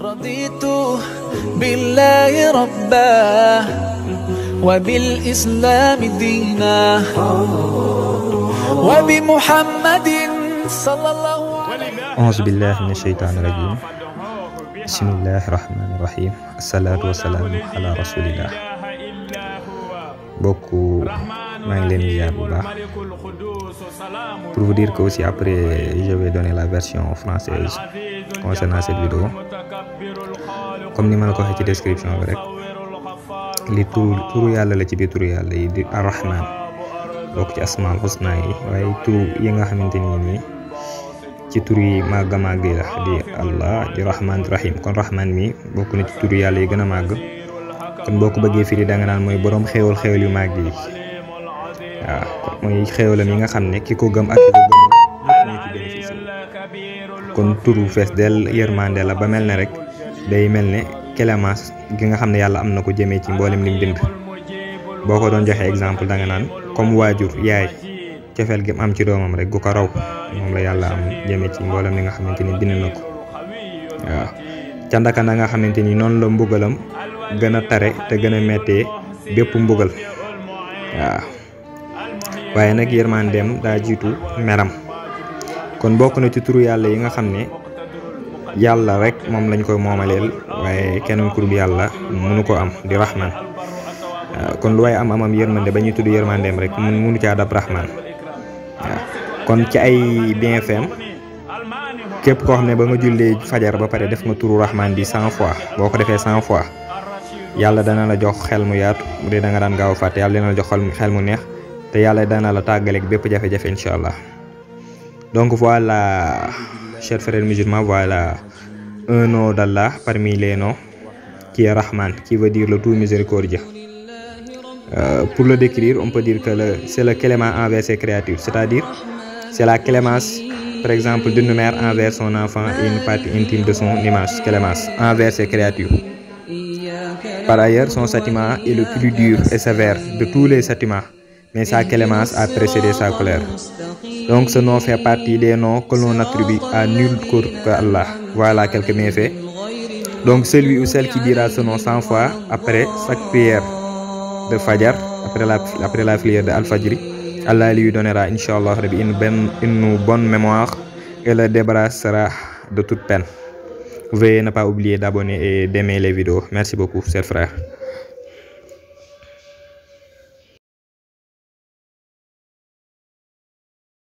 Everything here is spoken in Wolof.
رضيت بالله ربا وبالإسلام دينا وبمحمد صلى الله عليه وسلم أعوذ بالله من الشيطان الرجيم بسم الله الرحمن الرحيم الصلاة والسلام على رسول الله بكو pour vous dire que aussi après je vais donner la version française concernant cette vidéo comme ni ma la ci description bi rek li tur turu yàlla la ci biir turu yàlla yi di arrahman bokk ci asmaal husna yi waaye turu yi nga xamante nii ci tur yi ma gama yi di allah di rahman rahim kon rahman mi bokku na ci turu yalla yi gëna mag màgg kon boo ko bëggee firi da nga naan moy borom xewul xewul yu mag yi waaw mooy xéewalam yi nga xam ne ki ko gëm ak ki ko fees del yërmande la ba mel ne rek day mel ne clémence gi nga xam ne yàlla am na ko jëmee ci mboolem lim bind boo ko doon joxe exemple danga nga naan comme waajur yaay cofeel gi mu am ci doomam rek gu ko raw moom la yàlla am jëmee ci mboolem li nga xamante ni bind na ko waaw ca ndakana nga xamante ni noonu la mbugalam gën a tare te gën a mettee bépp mbugal waaw nak nag dem da jitu meram kon bokku na ci turu yalla yi nga xamne ne rek mom lañ koy momalel waye keneen ku dul yàlla ko am di rahman kon lu way am amam yërmande bañu tuddu tudd yërmandeem rek mun munu ci adab rahman kon ci ay bien képp kep ko ne ba nga julle fajar ba pare def nga turu rahman di 100 fois boko defé 100 fois yalla dana la jox xel mu yaatu bu dee da nga dan gaaw fàtte yalla dana la jox xel mu neex la donc voilà cher frère musulman, voilà un nom d'Allah parmi les noms qui est Rahman qui veut dire le tout miséricordieux euh, pour le décrire on peut dire que c'est le clément envers ses créatures c'est-à-dire c'est la clémence par exemple d'une mère envers son enfant et une partie intime de son image clémence envers ses créatures par ailleurs son sentiment est le plus dur et sévère de tous les châtiments mais sa clémence a précédé sa colère. Donc ce nom fait partie des noms que l'on attribue à nul autre Allah Voilà quelques méfaits. Donc celui ou celle qui dira ce nom 100 fois après chaque prière de Fajr, après la, après la prière de al Allah lui donnera, Inch'Allah, une, bonne, une bonne mémoire et le débarrassera de toute peine. Veuillez ne pas oublier d'abonner et d'aimer les vidéos. Merci beaucoup, chers frères.